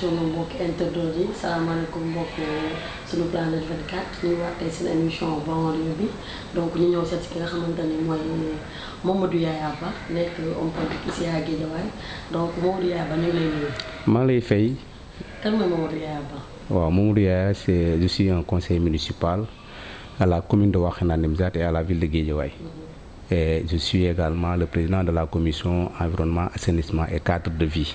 sunu mbokk internautes yi salaamaaleykum sur le planète 24 ñu wax tey seen émission banlieue bi donc ñu ñëw seet si ki nga xamante ni mooy Mamadou Yaya Ba nekk homme politique ici à Guédiawaye donc Mamadou Yaya Ba ñu ngi lay nuyu. maa lay fay. kan mooy Mamadou Yaya Ba. waaw Mamadou Yaya c'est je suis un conseiller municipal à la commune de Wakhinane Nimzatt et à la ville de Guédiawaye. Mm-hmm. Et je suis également le président de la commission environnement, assainissement et cadre de vie.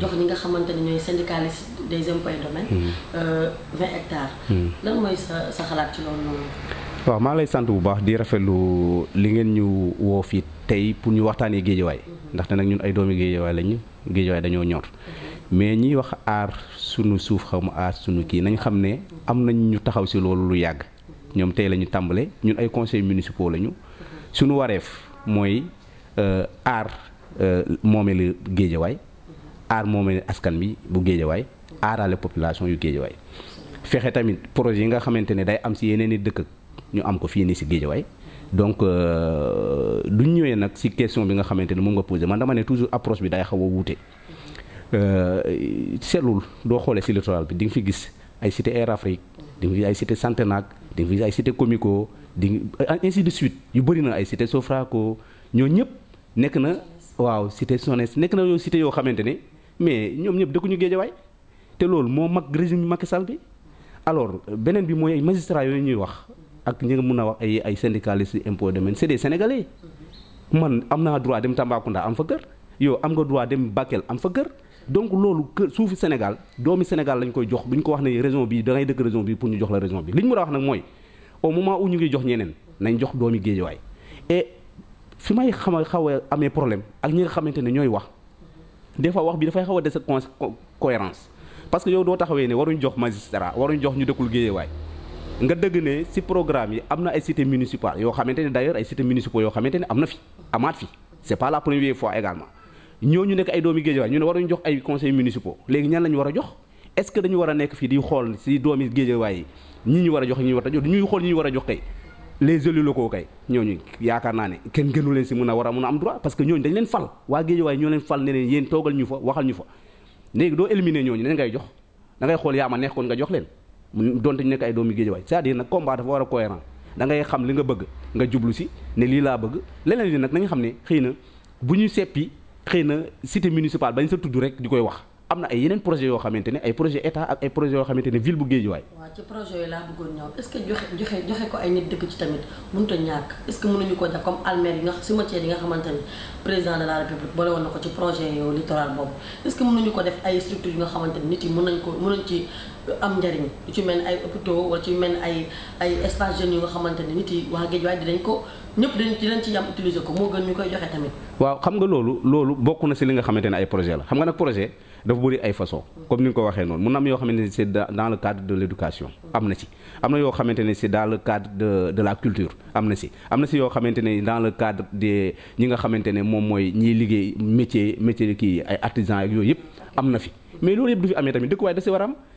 jox mm. ñi nga xamante ne ñooy syndicalistes des impôts et domaines. Mm. Euh, mm. mooy sa xalaat ci loolu waaw maa lay sant bu baax di rafetlu li ngeen ñu woo fii tey pour ñu waxtaanee géejawaay mm-hmm. ndaxte nag ñun ay doomi géejawaay lañu géejawaay dañoo ñor. Mm-hmm. mais ñiy wax aar sunu suuf xaw ma aar sunu kii nañ xam ne am nañ ñu taxaw si loolu lu yàgg mm-hmm. ñoom tey la ñu tàmbale ñun ay conseils municipaux lañu. sunu wareef mooy euh, aar euh, moomeelu géejawaay aar moomeel askan bi bu géejawaay aarale population yu géejawaay fexe tamit projet yi nga xamante ne day am si yeneen i dëkk ñu am ko fii nii si géejawaay donc du euh, ñu ñëwee nag si question bi nga xamante ne moom nga posé man dama ne toujours approche bi day xaw a wuute euh, seetlul doo xoole si littoral bi di nga fi gis ay cité Air Afrique di nga fi ay cité Santenac di nga fi ay cité Comico di ainsi de suite yu bëri na ay cité Sofraco ñoo ñëpp nekk na waaw cité Sones nekk na yoo cité yoo xamante mais ñoom ñëpp dëkkuñu géejawaay te loolu moo mag régime Macky Sall bi alors beneen bi mooy ay magistrats yooyu ñuy wax ak ñi nga mun a wax ay ay syndicalistes impôt domaine c'est des sénégalais man am naa droit dem Tambacounda am fa kër yow am nga droit dem Bakel am fa kër donc loolu kër suufu Sénégal doomi Sénégal koy jox bu ñu ko wax ne région bi da ngay dëkk région bi la région bi li ñu mën a wax nag mooy au moment où ñu ngi jox ñeneen nañ jox doomi géejawaay et fi may xam xaw amee problème ak ñi nga xamante ne ñooy wax des fois wax bi dafay xaw a des cohérence parce que yow do taxawé ne waruñ jox magistrat waruñ jox ñu dëkkul géejewaay nga dëgg né ci programme yi amna ay cité municipale yo xamante d'ailleurs ay cité municipaux yo xamante amna fi amaat fi c'est pas la première fois également ñoo ñu nek ay doomi géejewaay ñu waruñ jox ay conseils municipaux légui ñan lañ wara jox est-ce que dañu wara nek fi di xol ci doomi géejewaay yi ñi ñu wara jox ñi wara war a jox ñuy xol ñi wara jox kay les élus locaux kay ñooñu yaakaar naa ne kenn gënu leen si mun a war a mun a am droit parce que ñooñu dañ leen fal waa Géejawaay ñoo leen fal ne leen yéen ñu fa waxal ñu fa léegi doo éliminé ñooñu dañ ngay jox da xool yaa ma neex kon nga jox leen donte ñu nekk ay doomu Géejawaay c'est-à-dire nag combat dafa war a cohérent da ngay xam li nga bëgg nga jublu si ne lii laa bëgg leneen li nag nañu xam ne xëy na bu ñu seppi xëy na cité municipale bañ sa tudd rek di koy wax am na ay yeneen projet yoo xamante ne ay projet état ak ay projet yoo xamante ne ville bu Géejuwaay. waaw ci projet yooyu laa bëggoon ñëw est joxe joxe joxe ko ay nit dëkk ci tamit mënut a ñàkk est-ce que ko def comme almer yi nga cimetière yi nga xamante ne président de ci projet yow littoral boobu est-ce que mënuñu ko def ay structures nga xamante ne nit yi mën nañ ko mën nañ ci am njariñ lu ci mel ay ci ay ay espace jeunes yu nga xamante ne nit yi waa géej waaye dinañ ko ñëpp dinañ dinañ ci yam utiliser ko moo gën ñu koy joxe tamit. waaw xam nga loolu loolu bokk na si li nga xamante ne ay projet la xam nga nag projet dafa bëri ay façon comme ni nga ko waxee noonu mun na am yoo xamante ne c'est dans le cadre de l'éducation am si am na yoo xamante ne c'est dans le cadre de de la culture am na si am na si yoo xamante ne dans le cadre de ñi nga xamante ne moom mooy ñiy liggéey métier métier kii ay artisans yooyu yëpp am na fi am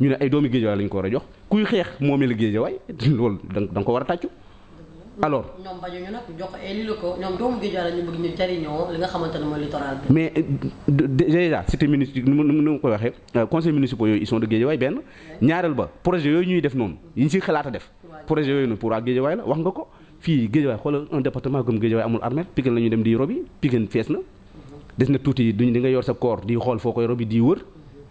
ñu ne ay doomi géejawaay lañ ko war a jox kuy xeex moomeelu géejawaay loolu da nga ko war a tàccu. alors ñoom bañu eh, la ñu bëgg ñu jariñoo li nga xamante ne mooy littoral bi. mais eh, déjà cité municipal nu mu koy waxee euh, conseil municipal yooyu ils sont de géejawaay benn ñaareel ba projet yooyu ñuy def noonu yi si xalaat a def. projet yooyu nag pour waa géejawaay la wax nga ko fii géejawaay xoolal un département comme géejawaay amul armée Pikine la ñuy dem di robi Pikine fees na. Mhm. des na tuuti duñ di nga yor sa koor di xool foo koy robi di wër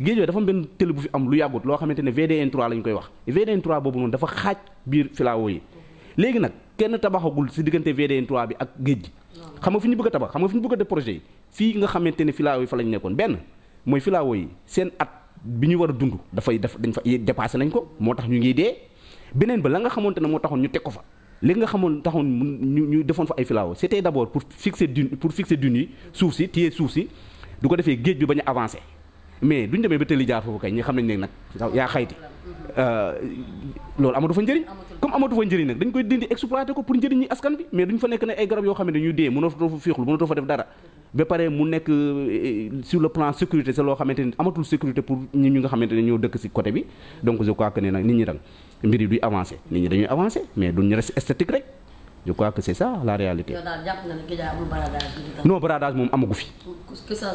Guédiawaye dafa ben télé bu fi am lu yàggut lo xamantene VDN 3 lañ koy wax VDN 3 bobu non dafa xaj bir filao yi léegi nag kenn tabaxagul ci diggante VDN 3 bi ak géej gi xam nga fiñu bëgg tabax xam nga fiñu bëgg de projet fi nga xamantene ne yi fa lañ nekkon ben moy filao yi seen at biñu wara dundu da fay def dañ fa dépassé nañ ko moo tax ñu ngi dé benen ba la nga xamantene mo moo ñu tek ko fa li nga xamoon taxoon ñu ñu defoon fa ay filao c'était d'abord pour fixer dune pour fixer dune souci suuf souci téye suuf si du ko defee géej bi baña avancer mais ñu demee ba tëli jaar foofu kay ñi xam nañ ne nag yaa xayti euh, loolu amatu fa njëriñ comme amatu fa njëriñ nag dañ koy dindi exploité ko pour njëriñ ñi askan bi mais duñ fa nekk ne ay garab yoo xam ne dañuy dee mënatoo fa fiixlu mënatoo fa def dara ba pare mu nekk euh, sur le plan sécurité c'est loo xamante ni amatul sécurité pour ñi ñu nga xamante ne ñoo dëkk si côté bi donc je crois que ne nag nit ñi dang mbir yi duy avancé nit ñi dañuy avancé mais duñ reste esthétique rek je crois que c' est la réalité. yow daal jàpp nga moom amagu fi. que ça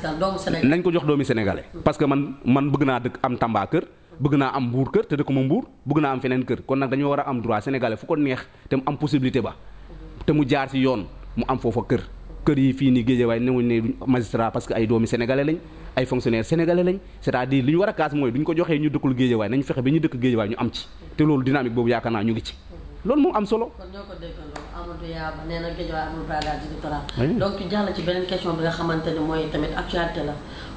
ko nañ ko jox doomi sénégalais. parce que man man bëgg naa dëkk am Tamba kër. bëgg naa am Mbour kër te dëkkuma Mbour bëgg naa am feneen kër kon nag dañoo war a am droit sénégalais fu ko neex te mu am possibilité ba. te mu jaar si yoon mu am foofa kër. kër yi fii nii Guédiawaye newuñ ne duñ magistrat ay doomi sénégalais lañ ay fonctionnaires sénégalais lañ cest li ñu war a kaas mooy duñ ko joxee ñu dëkkul Guédiawaye nañu fexe ba ñu dëkk Guédiawaye ñu am ci te loolu dynamique boobu yaakaar naa ñu ngi ci loolu moom am solo. kon ñoo ko déggandoo Amadou Yaba nee na Guédiawaye amul blocage littoral. donc jàll ci beneen question bi nga xamante ne mooy tamit actualité la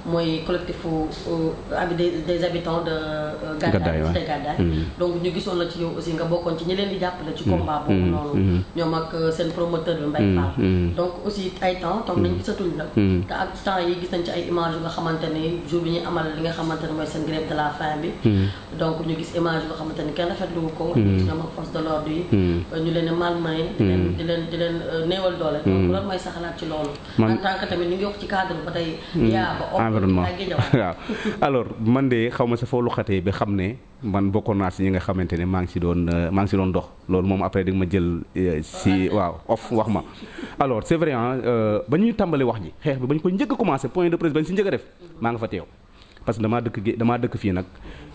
mooy euh, euh, mm-hmm. ñu gisoon la ci yow aussi nga bokkoon ci ñi leen di jàppale. ci mm-hmm. combat boobu mm-hmm. noonu. ñoom ak euh, seen promoteur bi Mbaye Fall. donc aussi ay temps toog nañ gisatuñ la. te ak temps yi gis nañ ci ay images yu nga xamante ne jour bi ñuy amal li nga xamante ne mooy seen grève de la faim bi. donc ñu gis image yu nga xamante ko. yi. Hmm. ñu leen a mal hmm. di leen di leen euh, néewal doole. Hmm. alors man de xaw ma sa foo luxatee bi xam ne man bokkoon naa ñi nga xamante ne maa ngi si doon euh, maa ngi si doon dox loolu moom après di nga ma jël euh, si waaw off wax ma. alors c'est vrai ba ñu tàmbali wax ji xeex bi ba ñu ko njëkk a commencé point de presse ba ñu si njëkk def maa nga fa teew parce damaa dëkk damaa dëkk fii nag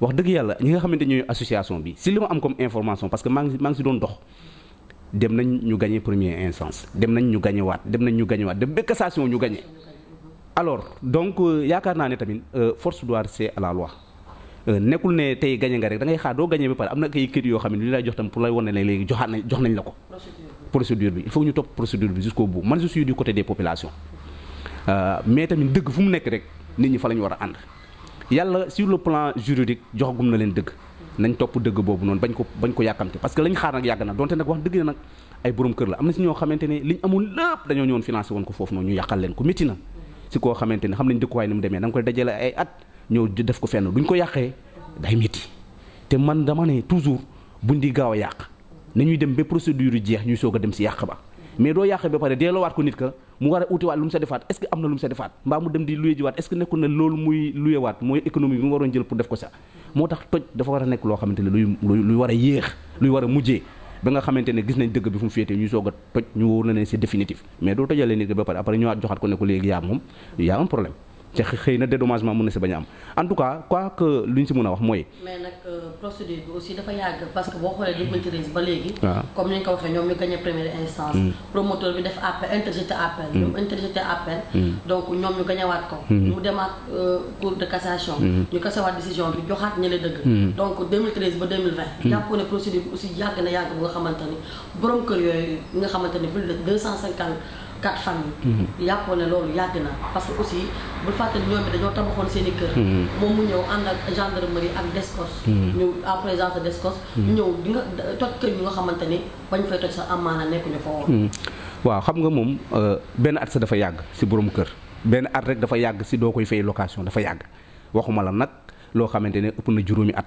wax deug yalla ñi nga xamante ñooy association bi si limu am comme information parce que maa ngi maa doon dox dem nañ ñu gagner première instance dem nañ ñu gagner waat dem nañ ñu gagner waat de ba ñu gagner alors donc euh, yaakaar naa ne tamit euh, force doit rester à la loi euh, nekul ne tay gagner nga rek da ngay xaar do gagner ba par amna kay ay yo yoo li lay jox tam pour lay wane lay léegi joxaat nañ jox nañ la ko. procédure bi il faut ñu top procédure bi jusqu'au bout man je suis du côté des populations mais tamit deug fu mu nekk rek nit ñi fa lañ wara and yàlla sur le plan juridique joxagum na leen dëgg nañ topp dëgg boobu noonu bañ ko bañ ko yàkkamte parce que lañ xaar nag yàgg na donte nag wax dëgg na nag ay borom kër la am na si ñoo xamante ne liñ amul lépp dañoo ñëwoon financé woon ko foofu noonu ñu yàqal leen ko métti na si koo xamante ne xam nañ dëkkuwaay ni mu demee da koy dajale ay at ñëw def ko fenn duñ ko yàqee day métti te man dama ne toujours buñ di gaaw a yàq nañuy dem ba procédure yu jeex ñuy soog a dem si yàq ba mais doo yàq ba pare delloowaat ko nit ka mu war a utiwaat lu mu sa defaat est ce que am na lu mu sa defaat mbaa mu dem di luye jiwaat nekkul ne loolu muy luyewaat mooy économie bi mu waroon jël pour def ko sax moo tax toj dafa war a nekk loo xamante ne luy luy war a yéex luy war a mujjee ba nga xamante ne gis nañ dëgg bi fu mu féete ñuy soog a toj ñu wóor na ne c'est définitif mais doo tojalee nit ba pare après ñëwaat joxaat ko ne ko léegi yaa moom yaa am ca xëy na dédommagement a am a wax mooy. cassation. Hmm. ñu kasewaat décision bi joxaat ñële dëgg. Hmm. donc 2013 ba 2020. Hmm. jàpp ne procédure bi aussi yàgg na yàgg bu nga xamante ni borom yooyu nga xamante ni plus de 250. quatre familles mhm. yàqoo loolu yàgg na parce que aussi bul fàttali ñoom bi dañoo tabaxoon seen kër mhm. moom mu ñëw ànd ak gendarmerie ak descos mhm. ñu en présence descos ñëw di toj kër ñu nga xamante ni bañ fay toj sax amaana nekkuñu fa woon waaw xam nga moom euh, benn at sa dafa yàgg si borom kër benn at rek dafa yàgg si doo koy fay location dafa yàgg waxuma la nag loo xamante ne ëpp na juróomi at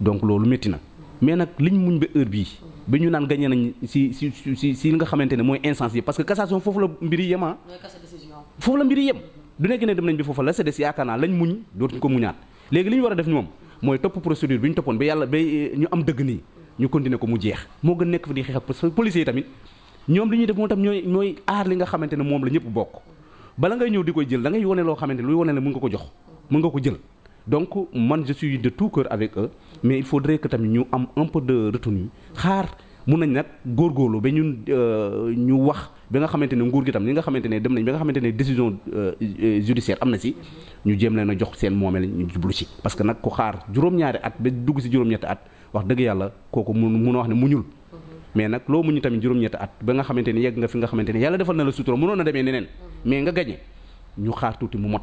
donc loolu métti na mais nag liñ muñ ba heure bii ba ñu naan gagné nañ si si si si li nga xamante ne mooy instance yi parce que cassation foofu la mbiri yem ah foofu la mbiri yem du nekk ne dem nañ bi foofu la c'est des yaakaar naa lañ muñ dootuñ ko muñaat léegi li ñu war a def ñu moom mooy topp procédure bi ñu toppoon ba yàlla ba ñu am dëgg nii ñu continuer ko mu jeex moo gën nekk fa di xeex parce que policiers tamit ñoom li ñuy def moo tam ñooy ñooy aar li nga xamante ne moom la ñëpp bokk bala ngay ñëw di koy jël da ngay wone loo xamante ne luy wone ne mën nga ko jox mën nga ko jël donc man je suis de tout cœur avec eux mais il faudrait que tamit ñu am un peu de retenue xaar mun nañ nag góorgóorlu ba ñun euh, ñu wax ba nga xamante ne nguur gi tam li nga xamante ne dem nañ ba nga xamante ne décision euh, judiciaire am na ñu jéem leen a jox seen moomeel ñu jublu si. parce que nag ku xaar juróom-ñaari at ba dugg si juróom-ñetti at wax dëgg yàlla kooku mun mun a wax ne muñul mais nag loo muñu tamit juróom-ñetti at ba nga xamante ne yegg nga fi nga xamante ne yàlla defal na la sutura mënoon a demee neneen mais nga gañe ñu xaar tuuti mu mot.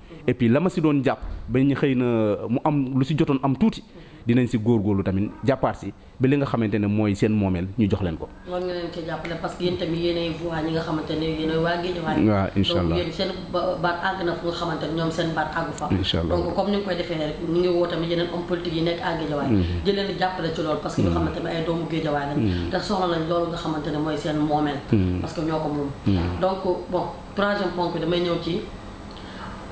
et puis la ma si doon jàpp ba ñu xëy na mu am lu si jotoon am tuuti dinañ si góor góorlu tamit jàppaat si ba li nga xamante ne mooy seen ñu jox leen ko. jàppale parce que yéen tamit yéenay voix ñi nga xamante ne yéenay waa Guédiawaye. waaw incha allah donc na fu nga xamante comme ni nga koy defee rek ñu ngi woo tamit yeneen homme yi nekk à Guédiawaye. di mm-hmm. leen jàppale ci loolu parce que ñu mm-hmm. xamante ne ay doomu Guédiawaye lañ. Mm-hmm. te soxla nañ loolu nga xamante mooy seen moomeel. parce que ñoo ko moom. donc bon troisième point bi damay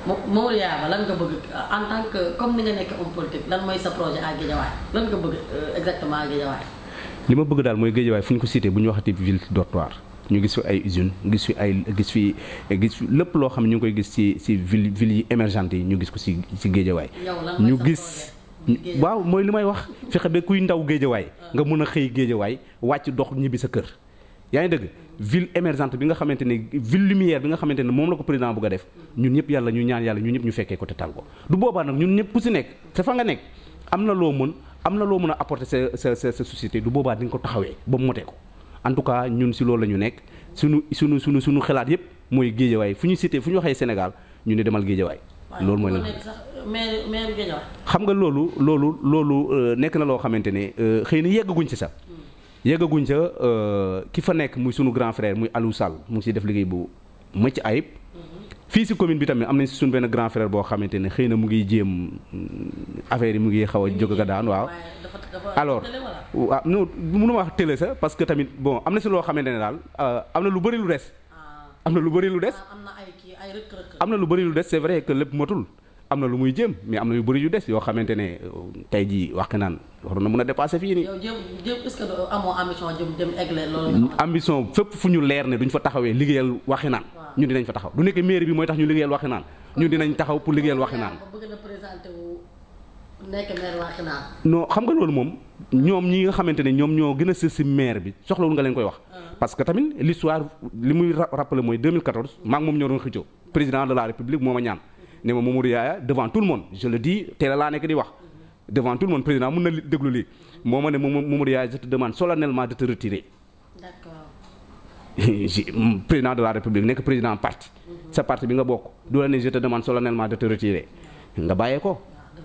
Mamadou Yaaba lan nga bëgg euh, en tant que comme ni nga nekk homme politique lan mooy sa projet à Guédiawaye lan nga bëgg euh, exactement à li ma bëgg daal mooy Guédiawaye fu ñu ko cité bu ñu waxati ville dortoir ñu gis fi ay usine gis fi ay gis fi gis lépp loo xam ne ñu ngi koy gis ci ci ville ville yi émergentes yi ñu gis ko ci ci Guédiawaye ñu gis waaw mooy li may wax fexe ba kuy ndaw Guédiawaye nga mën a xëy Guédiawaye wàcc dox ñibbi sa kër yaa ngi dëgg ville émergente bi nga xamante ni ville lumière bi nga xamante ne moom la ko président bugg a def ñun ñëpp yàlla ñu ñaan yàlla ñun ñëpp ñu fekkee ko te tal ko du boobaa nag ñun ñëpp ku si nekk te fa nga nekk am na loo mën am na loo mën a apporte sa sa sa société du boobaa dinga nga ko taxawee ba mu motee ko en tout cas ñun si loolu la ñu nekk suñu suñu suñu suñu xalaat yëpp mooy géejawaay fu ñu sitee fu ñu waxee Sénégal ñu ne demal géejawaay loolu mooy la xam nga loolu loolu loolu euh, nekk na loo xamante ne euh, xëy na yeggaguñ ci sax yëgaguñ sa euh, ki fa nekk muy sunu grand frère muy Aliou Sall mu ngi siy def liggéey bu mëcc ayib. Mhm. fii si commune bi tamit am nañ si suñu benn grand frère boo xamante ne xëy na mu ngi jéem mm, affaire yi mu ngi xaw a jóg ka daan waaw. alors waaw non mënuma wax télé sa parce que tamit bon am na si loo xamante ne daal euh, am na lu bëri lu des. Ah. am na lu bëri lu des. Ah, am na lu bëri lu des c'est vrai que lépp matul. am na lu muy jëm mais am yu bëri yu des yoo xamante ne tey jii wax naan waroon na mën a dépassé fii nii. yow jëm jëm est-ce que amoo ambition jëm jëm eggle loolu. ambition fépp fu leer ne duñ fa taxawee liggéeyal waxi naan. ñun dinañ fa taxaw du nekk mairie bi mooy tax ñu liggéeyal waxi naan. ñun dinañ taxaw pour liggéeyal waxi naan. bëgg na wu nekk maire non xam nga ñi nga ne ñoo gën a si maire bi soxlawul nga leen koy wax. Ah. parce que tamit l'histoire li muy rappelé 2014 maa ngi moom ñoo doon xëccoo président de la république ñaan ne ma Yaaya devant tout le monde je le dis teel la nekk di wax devant tout le monde président mun na déglu lii moo ma ne Mamadou Yaaya je te demande solennellement de te retirer. d'accord mm, président de la république nekk président parti. Mhm. sa parti bi nga bok du la ne je te demande solennellement de te retirer nga bàyyee ko.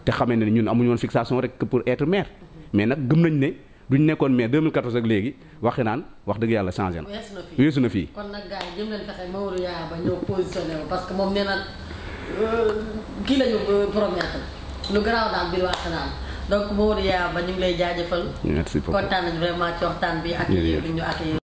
te xamé ne ñun amuñu woon fixation rek pour être maire mhm. mais nak gëm nañ ne duñ nekkoon maire 2014 ak léegi waxi naan wax dëgg yàlla changé na. weesu na fii kon nag gars yi jëm leen fexe Mamadou Ba ñëw positionné parce que moom nee na kii lañu euh, promettre lu garaaw daal biir waax daal donc Mamadou Yaya Ba ñu ngi lay jaajëfal. merci beaucoup kontaan nañu vraiment ci waxtaan bi. ak yéen ñu ak